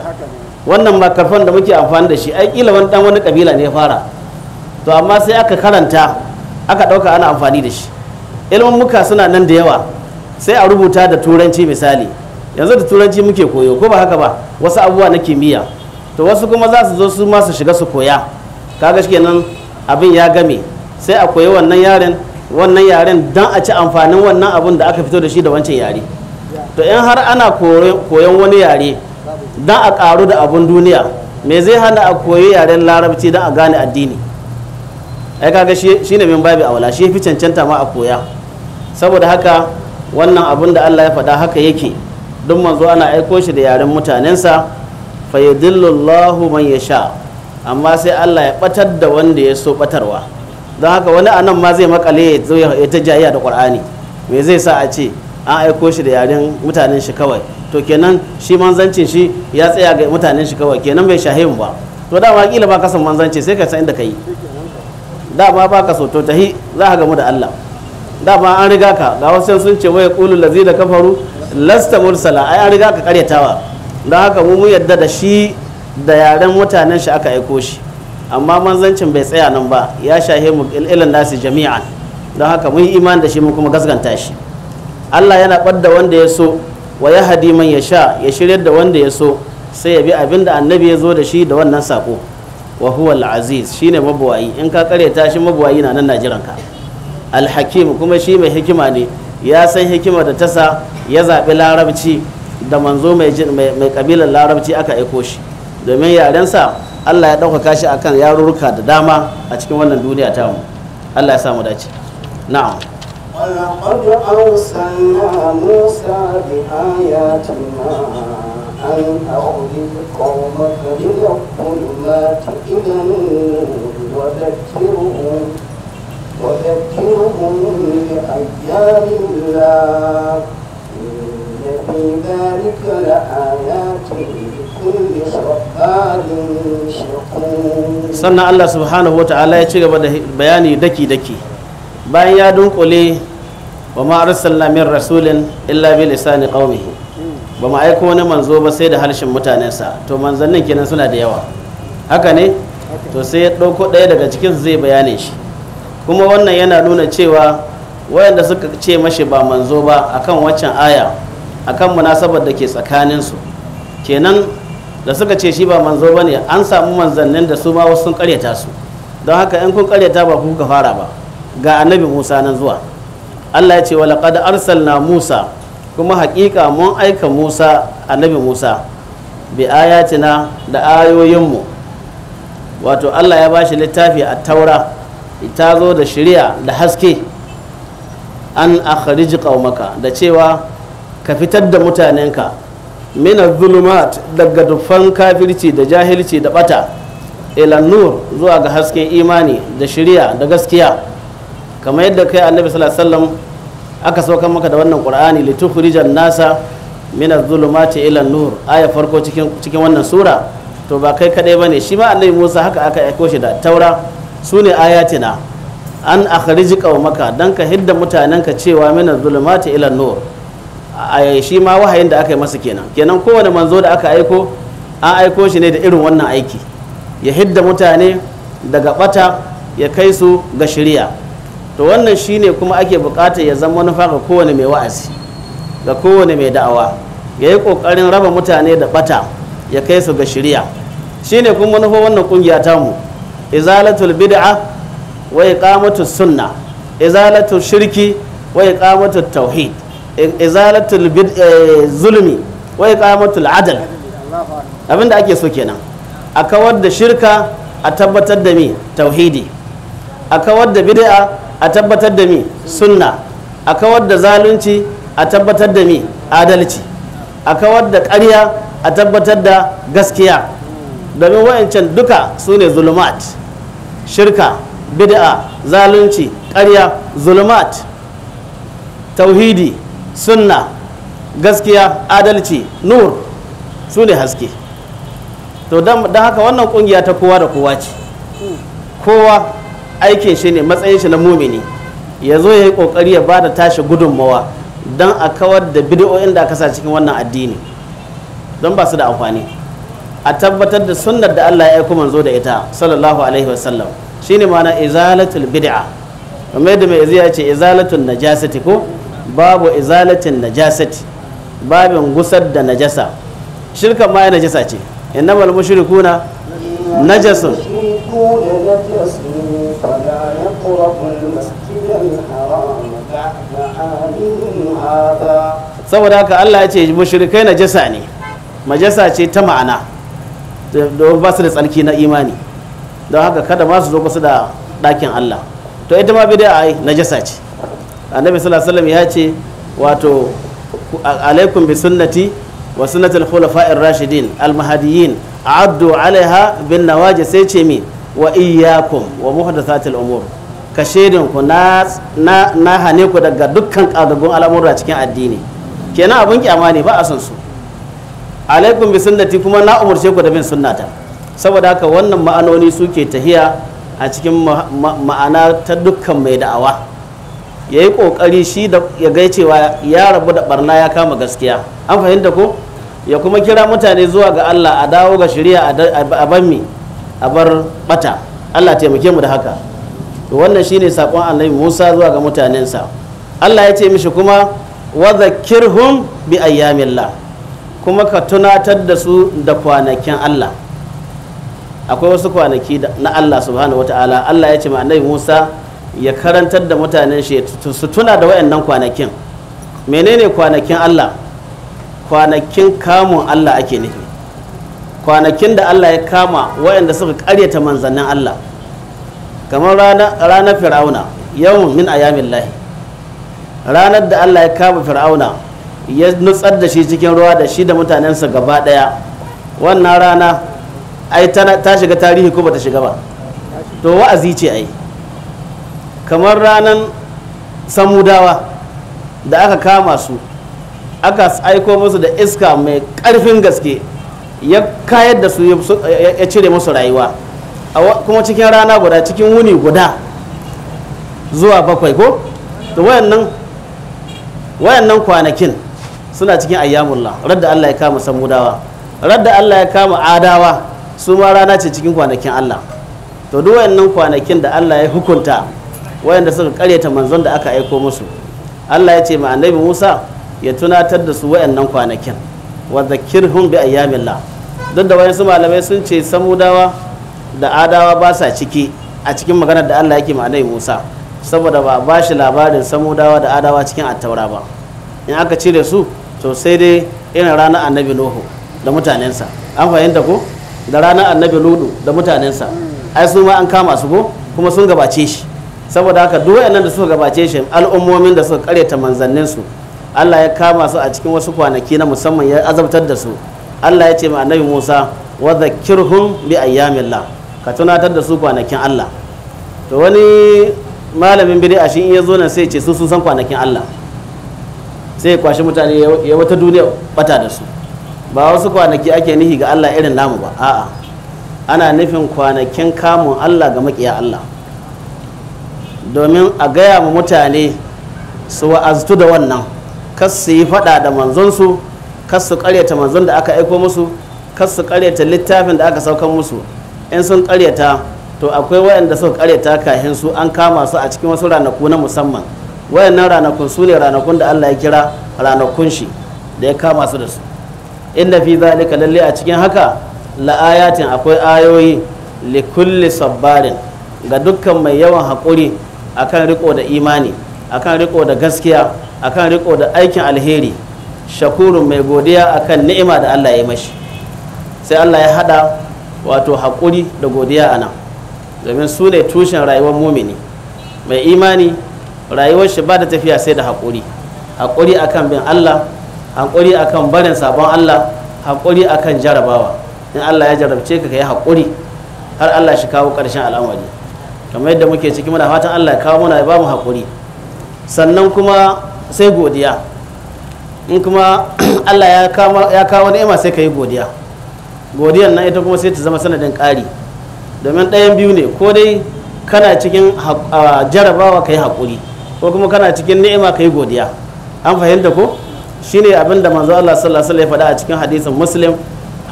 wannan makarfan da muke amfani da shi ai kila wani dan wani kabila ne ya fara to amma sai aka karanta aka dauka ana amfani da shi ilmin muka suna nan da yawa sai a rubuta da turanci misali yanzu da turanci muke koyo ko ba haka ba wasu abubuwa na kimiyya to wasu kuma za su zo su ma su shiga su koya kaga kenan abin ya game sai a koyi wannan yaren wannan yaren dan a ci amfanin wannan abun da aka fito da shi da wancan yare to in har ana koyon wani yare don a ƙaru da abun duniya me zai hana a koyi yaren larabci don a gane addini ai kaga shi ne min babi wala shi fi cancanta ma a koya saboda haka wannan abun da Allah ya faɗa haka yake duk manzo ana aiko shi da yaren mutanensa fa man yasha amma sai Allah ya batar da wanda ya so batarwa don haka wani a nan ma zai makale ya ta jayya da Qur'ani me zai sa a ce an aiko shi da yaren mutanen shi kawai to kenan shi manzancin shi ya tsaya ga mutanen shi kawai kenan bai shahe ba to dama kila ba ka san manzanci sai ka san inda ka yi dama ba ka so to tahi za ka gamu da Allah dama an riga ka ga wasu sun ce waya qulul ladzina kafaru lasta mursala ai an riga ka karyatawa da haka mu mu yadda da shi da yaren mutanen shi aka aiko shi amma manzancin bai tsaya nan ba ya shahe mu ilan nasi jami'an don haka mun yi iman da shi mun kuma gasganta shi Allah yana ɓadda wanda ya so wa ya hadi man ya sha ya shiryar da wanda ya so sai ya bi abin da annabi ya zo da shi da wannan sako wa huwa al-aziz shine mabuwayi in ka kareta shi mabuwayi na nan ka al-hakim kuma shi mai hikima ne ya san hikima da tasa ya zaɓi larabci da manzo mai kabilar larabci aka aiko shi domin yarensa allah ya ɗaukaka shi akan yarurruka da dama a cikin wannan duniya tamu allah ya samu dace na'am ولقد أرسلنا موسى بآياتنا أن أخرج قومك من الظلمات إلى النور وذكرهم وذكرهم بأيام الله إن في ذلك لآيات لكل صبار شكور. سنة الله سبحانه وتعالى يتشغل بياني دكي دكي. bayan ya dunkule ba ma arsalna min rasulin illa bi lisani qaumihi ba ma aiko wani manzo ba sai da harshen mutanensa to manzannin kenan suna da yawa haka ne to sai ya ɗauko ɗaya daga cikin zai bayane shi kuma wannan yana nuna cewa wayanda suka ce mashi ba manzo ba akan waccan aya akan munasabar da ke tsakaninsu kenan da suka ce shi ba manzo ba ne an samu manzannin da su ma wasu sun karyata su don haka in kun karyata ba ku kuka fara ba ga annabi musa nan zuwa allah ya ce wa laqad arsalna musa kuma haƙiƙa mun aika musa annabi musa bi ayatina da ayoyinmu wato allah ya bashi littafi a taura ita zo da shirya da haske an akhrij qaumaka da cewa ka fitar da mutanenka mina zulumat daga dufan kafirci da jahilci da bata ila nur zuwa ga haske imani da shirya da gaskiya kamar yadda kai annabi sallallahu alaihi wasallam aka sauka maka da wannan qur'ani tukhrijan nasa min adh-dhulumati ila nur aya farko cikin cikin wannan sura to ba kai kadai bane shi ma annabi Musa haka aka aiko shi da taura sune ayatina an akhriji qaumaka dan ka hidda mutanenka cewa min adh-dhulumati ila nur shi ma wahayin da aka yi masa kenan kenan kowane manzo da aka aiko an aiko shi ne da irin wannan aiki ya hidda mutane daga bata ya kai su ga shirya to wannan shine kuma ake bukatar ya zama manufa ga kowane mai wa'azi ga kowane mai da'awa ya yi kokarin raba mutane da bata ya kai su ga shirya shine kuma manufa wannan kungiya mu izalatul bid'a wa iqamatus sunna izalatul shirki wa iqamatul tauhid izalatul eh, zulmi wa iqamatul adl abinda ake so kenan a kawar da shirka a tabbatar da mi tauhidi a kawar da bid'a a tabbatar da mi sunna a kawar da zalunci a tabbatar da mi adalci a kawar da ƙarya a tabbatar da gaskiya domin wayancan duka su ne zulumat shirka bida'a zalunci karya zulumat tauhidi sunna gaskiya adalci nur su ne haske to don haka wannan kungiya ta kowa da kowa ce kowa aikin shi ne matsayin shi na mumini ya zo ya yi kokari ya ba da tashi gudunmawa don a kawar da bidiyoyin da aka sa cikin wannan addini don ba su da amfani a tabbatar da sunnar da Allah ya aiko manzo da ita sallallahu alaihi wasallam shine ma'ana izalatul bid'a kamar yadda mai iziya ce izalatul najasati ko babu izalatin najasati babin gusar da najasa shirka ma ya najasa ce innamal mushrikuna najasun saboda haka Allah ya ce mushrikai najasa ne majasa ce ta ma'ana domin ba su da tsarki na imani don haka kada ma su zo basu da ɗakin Allah to ita ma bid'a ai najasa ce annabi sallallahu alaihi wasallam ya ce wato alaikum bi sunnati wa sunnatul khulafa'ir rashidin al mahdiyyin addu alaiha bin nawaje sai ce mi wa iyyakum wa muhdathatil umur ka ku na hane ku daga dukkan ƙadagun al'amura cikin addini kenan abin kyama ne ba a son su alaikum bi sunnati kuma na umarce ku da bin sunnata saboda haka wannan ma'anoni suke tahiya a cikin ma'ana ta dukkan mai da'awa ya yi ƙoƙari shi da ya gai cewa ya rabu da barna ya kama gaskiya an fahimta ko ya kuma kira mutane zuwa ga Allah a dawo ga shari'a a a bar bata Allah taimake mu da haka to wannan shine sakon annabi Musa zuwa ga mutanensa Allah ya ce mishi kuma wa zakkirhum bi ayyamillah kuma ka tunatar da su da kwanakin Allah akwai wasu kwanaki na Allah subhanahu wataala Allah ya ce ma annabi Musa ya karantar da mutanen shi su tuna da wayannan kwanakin menene kwanakin Allah kwanakin kamun Allah ake nufi kwanakin da Allah ya kama wayanda suka karyata manzannin Allah kamar ranar fir'auna yawon min ayamin lahi ranar da allah ya kama fir'auna ya nutsar da shi cikin ruwa da shi da mutanensa gaba daya wannan rana ai ta shiga tarihi ko bata shiga ba to wa'azi ce ai kamar ranar samudawa da aka kama su aka aiko musu da iska mai karfin gaske ya kayar da su ya cire musu rayuwa kuma cikin rana guda cikin wuni guda zuwa bakwai ko to wayannan wayannan kwanakin suna cikin ayyamullah radda Allah ya kama samudawa radda Allah ya kama adawa su ma rana ce cikin kwanakin Allah to duk wayannan kwanakin da Allah ya hukunta wayanda suka karyata manzon da aka aiko musu Allah ya ce ma annabi Musa ya tunatar da su wayannan kwanakin wa zakirhum bi ayyamillah duk da wayansu malamai sun ce samudawa da adawa ba sa ciki a cikin maganar da Allah yake ma'anai Musa saboda ba ba shi labarin samudawa da adawa cikin attaura ba in aka cire su to sai dai irin ranar annabi Nuhu da mutanensa an fahimta ko da ranar annabi Ludu da mutanensa ai su ma an kama su ko kuma sun gabace shi saboda haka duk waɗannan da suka gabace shi al'ummomin da suka karyata manzannin su Allah ya kama su a cikin wasu kwanaki na musamman ya azabtar da su Allah ya ce ma annabi Musa wa zakkirhum bi ayyamillah ka tunatar da su kwanakin Allah to wani malamin bid'a shi in ya zo nan sai ce su sun san kwanakin Allah sai kwashi mutane ya wata duniya bata da su ba wasu kwanaki ake nihi ga Allah irin namu ba a'a ana nufin kwanakin kamun Allah ga makiya Allah domin a gaya mu mutane su wa'aztu da wannan kas su yi fada da manzonsu kas su karyata manzon da aka aiko musu kas su karyata littafin da aka saukan musu in sun karyata to akwai waɗanda suka karyata kahin su an kama su a cikin wasu ranaku na musamman wayannan ranakun su ne ranakun da Allah ya kira ranakun shi da ya kama su da su inda fi zalika lalle a cikin haka la'ayatin akwai ayoyi li sabbarin ga dukkan mai yawan haƙuri akan riko da imani akan riko da gaskiya akan riko da aikin alheri shakurun mai godiya akan ni'ima da Allah ya mashi sai Allah ya hada wato haƙuri da godiya a nan domin su ne tushen rayuwar mumini mai imani rayuwar shi ba da tafiya sai da haƙuri haƙuri akan bin allah haƙuri akan barin sabon allah haƙuri akan jarabawa in allah ya jarabce ka yi haƙuri har allah shi kawo ƙarshen al'amari kamar yadda muke ciki muna fatan allah ya kawo muna ya ba mu haƙuri sannan kuma sai godiya in kuma allah ya kawo ni'ima sai ka yi godiya godiyar nan ita kuma sai ta zama sanadin ƙari domin ɗayan biyu ne ko dai kana cikin jarabawa ka yi haƙuri ko kuma kana cikin ni'ima ka yi godiya an fahimta ko shine abin da manzo Allah sallallahu alaihi faɗa a cikin hadisin muslim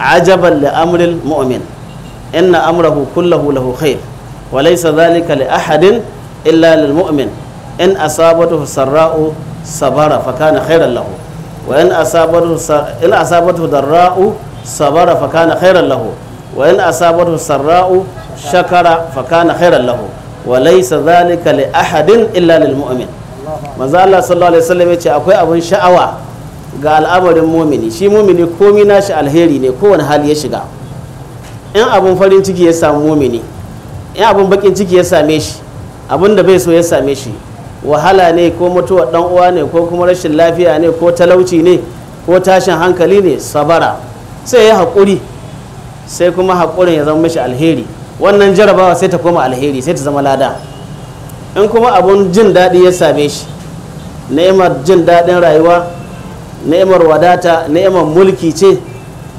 ajaban li amril mu'min inna amrahu kullahu lahu khair wa laysa dhalika li ahadin illa lil mu'min in asabatuhu sarra'u sabara fa kana khairan lahu wa in asabatuhu in asabatuhu darra'u sabara fakana khairan lahu wa in asabatu sarra'u shakara fakana khairan lahu wa laysa dhalika li ahadin illa lil mu'min manzo Allah sallallahu alaihi wasallam yace akwai abun sha'awa ga al'amarin mumini shi mumini komai nashi alheri ne kowane hali ya shiga in abun farin ciki ya samu mumini in abun bakin ciki ya same shi abun da bai so ya same shi wahala ne ko mutuwar dan uwa ne ko kuma rashin lafiya ne ko talauci ne ko tashin hankali ne sabara sai ya haƙuri sai kuma haƙurin ya zama mashi alheri wannan jarabawa sai ta koma alheri sai ta zama lada in kuma abun jin daɗi ya same shi ni'imar jin daɗin rayuwa ni'imar wadata ni'imar mulki ce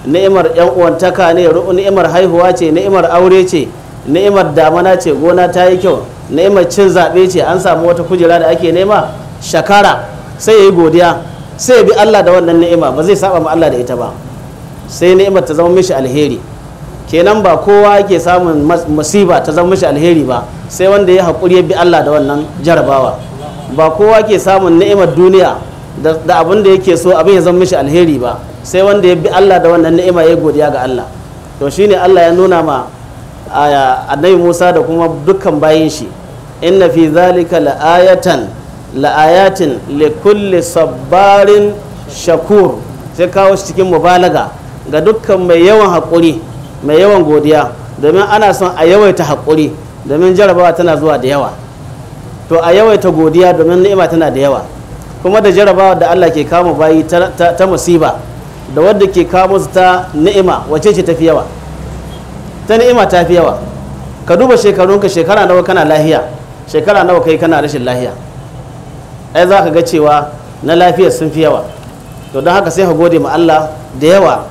ni'imar yan uwantaka ne ni'imar haihuwa ce ni'imar aure ce ni'imar damana ce gona ta yi kyau ni'imar cin zaɓe ce an samu wata kujera da ake nema shakara sai ya yi godiya sai ya bi Allah da wannan ni'ima ba zai saba ma Allah da ita ba sai ni'imar ta zama mishi alheri kenan ba kowa ke samun masiba ta zama mishi alheri ba sai wanda ya haƙuri ya bi Allah da wannan jarabawa ba kowa ke samun ni'imar duniya da abin da yake so abin ya zama mishi alheri ba sai wanda ya bi Allah da wannan ni'ima ya godiya ga Allah to shine Allah ya nuna ma annabi Musa da kuma dukkan bayin shi inna fi zalika la'ayatan la'ayatin likulli sabbarin shakur sai kawo shi cikin mubalaga ga dukkan mai yawan haƙuri mai yawan godiya domin ana son a yawaita haƙuri domin jarabawa tana zuwa da yawa to a yawaita godiya domin ni'ima tana da yawa kuma da jarabawa da Allah ke kama bayi ta, ta, ta musiba da wadda ke kama su ta ni'ima wace ce tafi yawa ta ni'ima ta fi yawa ka duba shekarunka shekara nawa kana lahiya shekara nawa kai kana rashin lahiya ai za ka ga cewa na lafiyar sun fi yawa to don haka sai ka gode ma Allah da yawa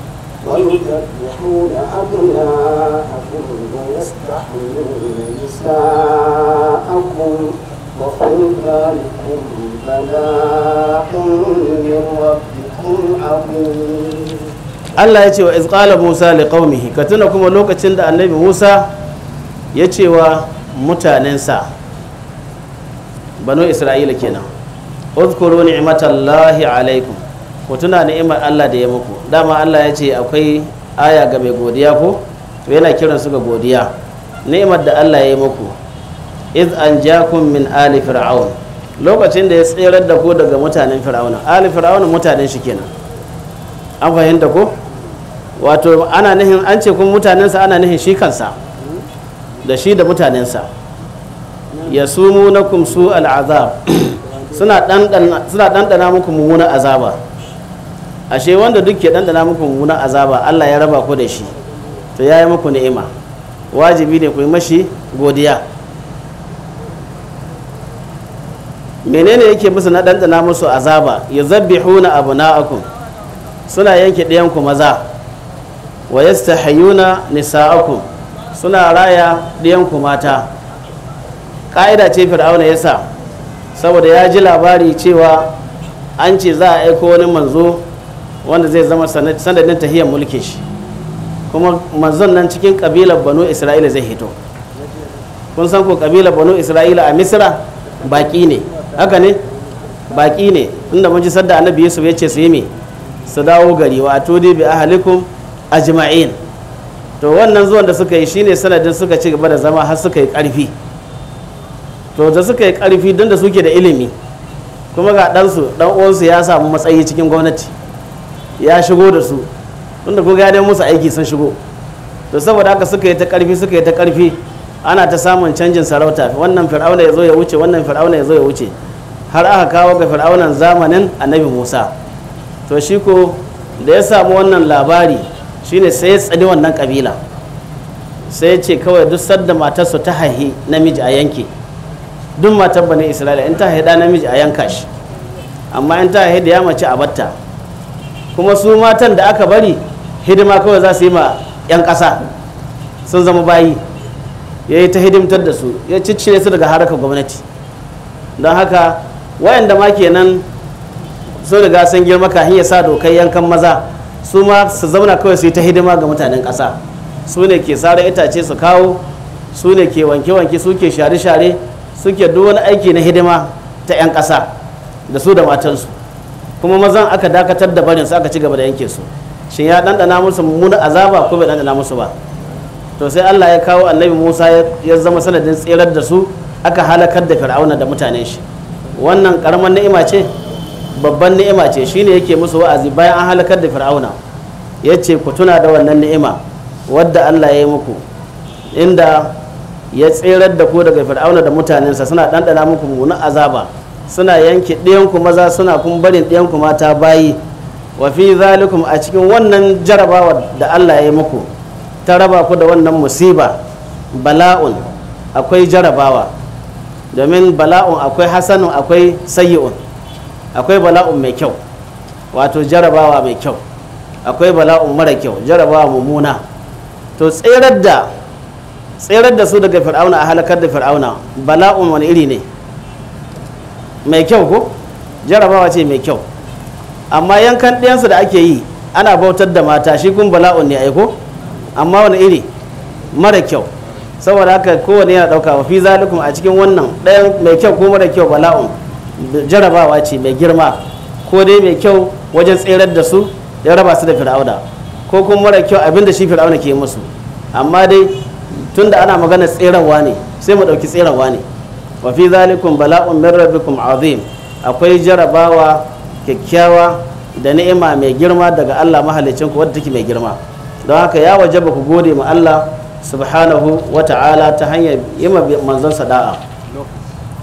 أبناءكم ويستحيون نساءكم وفي ذلكم بلاء من ربكم عظيم Allah ya ce wa izqala Musa li qaumihi ka tuna kuma lokacin da Annabi Musa ya ce wa mutanensa banu Isra'ila kenan uzkuru ni'matallahi alaikum ku tuna ni'imar Allah da ya muku dama Allah ya ce akwai aya ga mai godiya ko to yana kiran su ga godiya ni'imar da Allah ya yi muku iz jakum min ali fir'aun lokacin da ya tserar da ku daga mutanen fir'auna ali fir'auna mutanen shi kenan an fahimta ko wato ana nihin an ce kun mutanen sa ana nihin shi kansa da shi da sa ya sumu na kumsu al'azab suna dandana muku mummunan azaba ashe wanda duk ke dandana muku mummunan azaba Allah ya raba ku da shi to yayi muku ni'ima wajibi ne ku yi mashi godiya menene yake musu na dandana musu azaba yuzabbihuna abna'akum suna yanke ɗayanku maza wa yastahiyuna nisa'akum suna raya ɗayanku mata ƙa'ida ce fir'auna yasa saboda ya ji labari cewa an ce za a aiko wani manzo wanda zai zama sanadin tahiyar mulki shi kuma manzon nan cikin kabilar banu isra'ila zai hito kun san ko kabilar banu isra'ila a Misira baki ne haka ne baki ne inda mun ji sadda annabi yusuf ya ce su yi me su dawo gari wa dai bi ahlikum ajma'in to wannan zuwan da suka yi shine sanadin suka ci gaba da zama har suka yi karfi to da suka yi karfi don da suke da ilimi kuma ga ɗansu ɗan uwansu ya samu matsayi cikin gwamnati ya shigo da su tunda kun dai musu aiki sun shigo to saboda haka suka yi ta karfi suka yi ta karfi ana ta samun canjin sarauta wannan fir'auna ya zo ya wuce wannan fir'auna ya zo ya wuce har aka kawo ga fir'aunan zamanin annabi musa to shi ko da ya samu wannan labari shine sai ya tsani wannan kabila sai ce kawai duk sadda matarsa ta haihi namiji a yanke duk matar bane isra'ila in ta haihi da namiji a yanka shi amma in ta haihi da ya mace a batta kuma su matan da aka bari hidima kawai za su yi ma 'yan ƙasa sun zama bayi ya yi ta hidimtar da su ya ciccire su daga harakar gwamnati don haka wayanda ma kenan sun riga sun girma ka ya sa dokai yankan maza su ma su zauna kawai su yi ta hidima ga mutanen ƙasa su ne ke sare itace su kawo su ne ke wanke-wanke su ke share-share suke duk wani aiki na hidima ta 'yan ƙasa da su da matansu kuma mazan aka dakatar da barin aka ci gaba da yanke su shin ya ɗanɗana musu mummunan azaba ko bai dandana musu ba to sai Allah ya kawo annabi Musa ya zama sanadin tserar da su aka halakar da fir'auna da mutanen shi wannan karamar ni'ima ce babban ni'ima ce shine yake musu wa'azi bayan an halakar da fir'auna yace ku tuna da wannan ni'ima wadda Allah ya yi muku inda ya tserar da ku daga fir'auna da mutanen mutanensa suna ɗanɗana muku mummunan azaba suna yanke ɗayanku maza suna kuma barin ɗayanku mata bayi wa fi zalikum a cikin wannan jarabawa da Allah ya yi muku ta raba ku da wannan musiba bala'un akwai jarabawa domin bala'un akwai hasanun akwai sayi'un akwai bala'un mai kyau wato jarabawa mai kyau akwai bala'un mara kyau jarabawa mummuna to tserar da tserar da su daga fir'auna a halakar da fir'auna bala'un wani iri ne mai kyau ko jarabawa ce mai kyau amma yankan ɗiyansu da ake yi ana bautar da mata shi kun bala'un ne aiko amma wani iri mara kyau saboda haka kowane yana ɗauka wa fi a cikin wannan ɗayan mai kyau ko mara kyau bala'un jarabawa ce mai girma ko dai mai kyau wajen tserar da su ya raba su da fir'auna ko kuma mara kyau abin da shi fir'auna ke musu amma dai tunda ana magana tserarwa ne sai mu ɗauki tserarwa ne wa fi bala'un min rabbikum azim akwai jarabawa kyakkyawa da ni'ima mai girma daga Allah mahalicin ku wadda take mai girma don haka ya wajaba ku gode ma Allah subhanahu wa ta'ala ta hanyar yi manzon sada'a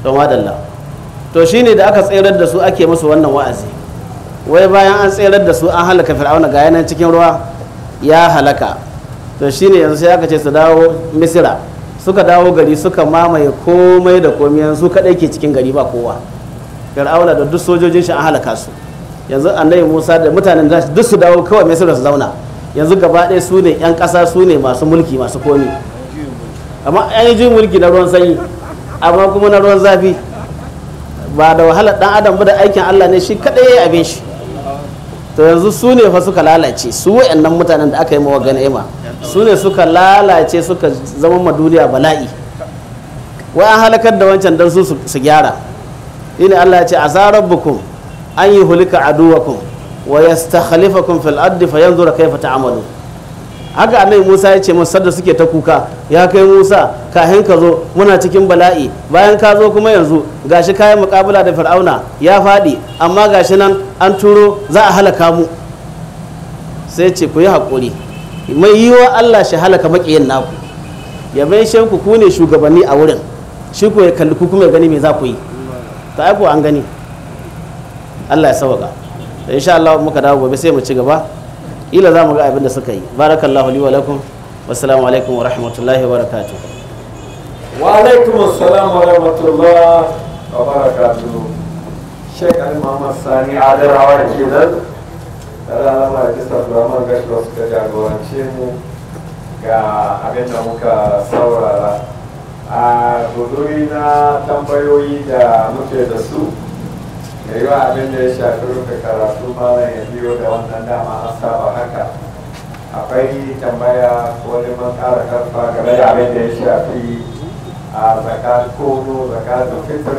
don wadalla to shine da aka tserar da su ake musu wannan wa'azi wai bayan an tsayar da su an halaka fir'auna ga yanan cikin ruwa ya halaka to shine yanzu sai aka ce su dawo misira suka dawo gari suka mamaye komai da komai yanzu kadai ke cikin gari ba kowa fir'auna da duk sojojin shi an halaka su yanzu annabi musa da mutanen da duk su dawo kawai mai su zauna yanzu gaba ɗaya su ne 'yan ƙasa su ne masu mulki masu komi amma an yi jin mulki na ruwan sanyi amma kuma na ruwan zafi ba da wahala dan adam ba da aikin allah ne shi kadai ya abin shi to yanzu su ne fa suka lalace su wa'annan mutanen da aka yi mawa ganima su ne suka lalace suka zama ma duniya bala'i wa an halakar da wancan dan su su gyara ina Allah ya ce azarabbukum an yi hulika aduwakum wa yastakhlifakum fil ardi fayanzura kayfa ta'malu haka annabi Musa ya ce musu da suke ta kuka ya kai Musa kahin ka zo muna cikin bala'i bayan ka zo kuma yanzu ga shi kayan mukabula da fir'auna ya faɗi amma gashi nan an turo za a halaka mu sai ce ku yi haƙuri mai yi wa allah shi halaka maƙiyin naku ya bai shanku ku ne shugabanni a wurin shi ko ya kalli ku kuma ya gani me za ku yi ta aiko an gani allah ya sauka insha allah muka dawo gobe sai mu ci gaba ila za mu ga abin da suka yi barakallahu li wa lakum wassalamu alaikum wa rahmatullahi wa barakatuh وعليكم السلام ورحمة الله وبركاته شيخ المام الثاني عادل عوائي كيدل tare da mara kisar ramar gashi wasu ka jagorance mu ga abin da muka saurara a guduri na tambayoyi da muke da su da yi abin da ya shafi rufe karatu malam ya biyo da wannan dama an saba haka akwai tambaya ko neman ƙara karfa game da abin da ya shafi a zakar kono zakatun fitr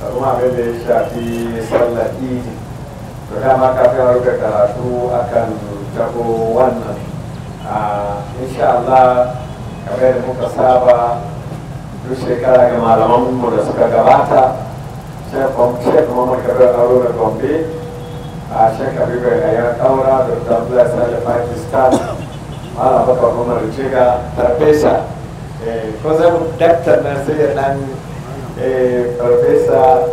da kuma abin da ya shafi sallar idi to dama ka a rufe karatu akan tabo wannan insha Allah kamar da muka saba duk shekara ga mu da suka gabata shek muhammad kabir aro da gombe a shek bai ya yi kaura da tambla da pakistan malam bakar umar jiga tarfesa kusan daktar nan sai ya dan farfesa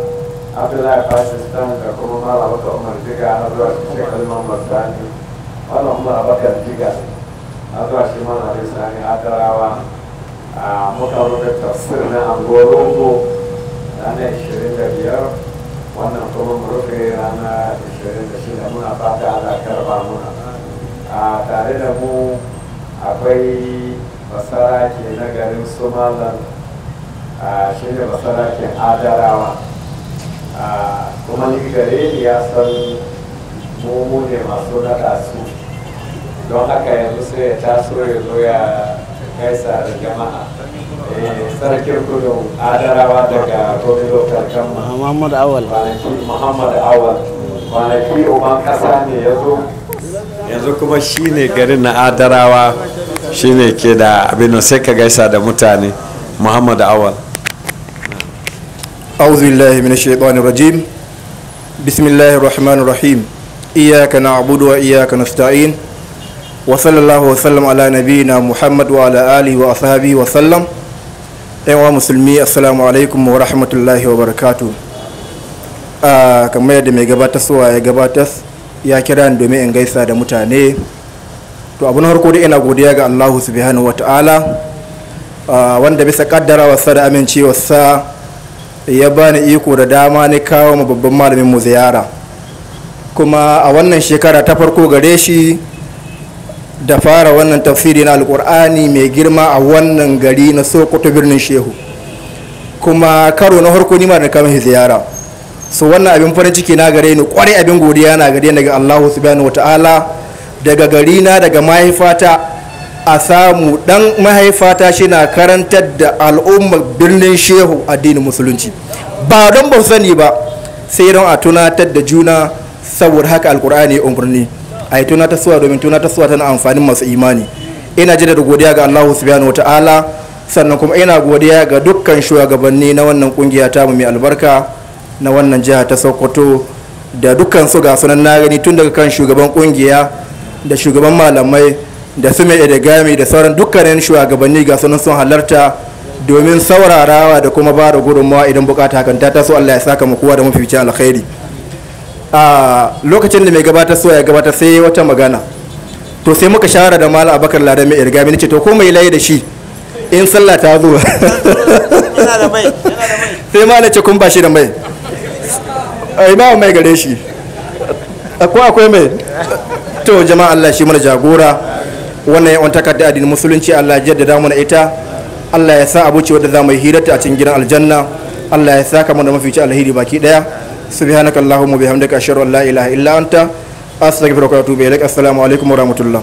abdullahi pakistan da kuma mara wata umar jiga na zuwa shi kalman basani wani umar abakar jiga na zuwa shi mana bisani adarawa a muka rubuta tafsir na angorongo da biyar wannan kuma rufe ranar 26 muna fata ala karba muna a tare da mu akwai basara ke na garin somalan a shi ne ke adarawa kuma ni gare ni ya san mu ne masu nada su don haka yanzu sai ya taso ya zo ya gaisa da jama'a eh, sarkin kudu adarawa daga gomino kan muhammad awal muhammad awal kwanaki uban kasa ne ya zo yanzu kuma shi ne garin na adarawa shine ke da abinu sai ka gaisa da mutane muhammad awal auzillahi min shaitani rajim bismillahir rahmanir rahim iyyaka na'budu wa iyyaka nasta'in wa sallallahu wa sallam ala nabiyyina muhammad wa ala alihi wa ashabihi wa sallam ayyuhal wa muslimi assalamu alaikum wa rahmatullahi wa barakatuh ah, kamar yadda mai gabatar suwa ya gabatar ya kira ni domin in gaisa da mutane to abu na harko da ina godiya ga allahu subhanahu wata'ala wanda bisa kaddara wasa da amincewarsa ya bani iko da dama ni kawo ma babban malamin mu ziyara kuma a wannan shekara ta farko gare shi da fara wannan tafsiri na alkur'ani mai girma a wannan gari na sokoto birnin shehu kuma karo na harko nima da kama ziyara so wannan abin farin ciki na gare ni kwarai abin godiya na gare ni ga allahu subhanahu wataala daga garina daga mahaifata a samu dan mahaifata shi na karantar da al'ummar birnin shehu addinin musulunci ba don ba sani ba sai don a tunatar da juna saboda haka alkur'ani umarni a yi tunatar suwa domin tunatar suwa tana amfanin masu imani ina jira da godiya ga allahu subhanahu ta'ala sannan kuma ina godiya ga dukkan shugabanni na wannan kungiya ta mai albarka na wannan jiha ta sokoto da dukkan su ga sunan na gani tun daga kan shugaban kungiya da shugaban malamai da su mai gami da sauran dukkanin shugabanni ga sunan sun halarta domin saurarawa da kuma ba da gudunmawa idan bukata kan ta taso Allah ya saka mu kowa da mafificin alkhairi a lokacin da mai gabatar so ya gabatar sai wata magana to sai muka shahara da mala abakar ladan mai irgami nace to ko mai laye da shi in sallah ta zo sai mala ce kun ba shi da mai ina mai gare shi akwai akwai mai to jama'a Allah shi mana jagora wannan ya wanta kadda addinin musulunci Allah ya jaddada mana ita Allah ya sa abuci wanda za mu yi hirarta a cikin gidan aljanna Allah ya saka mana mafici alheri baki daya subhanakallahumma bihamdika ashhadu an la ilaha illa anta astaghfiruka wa atubu ilaik assalamu alaikum wa rahmatullah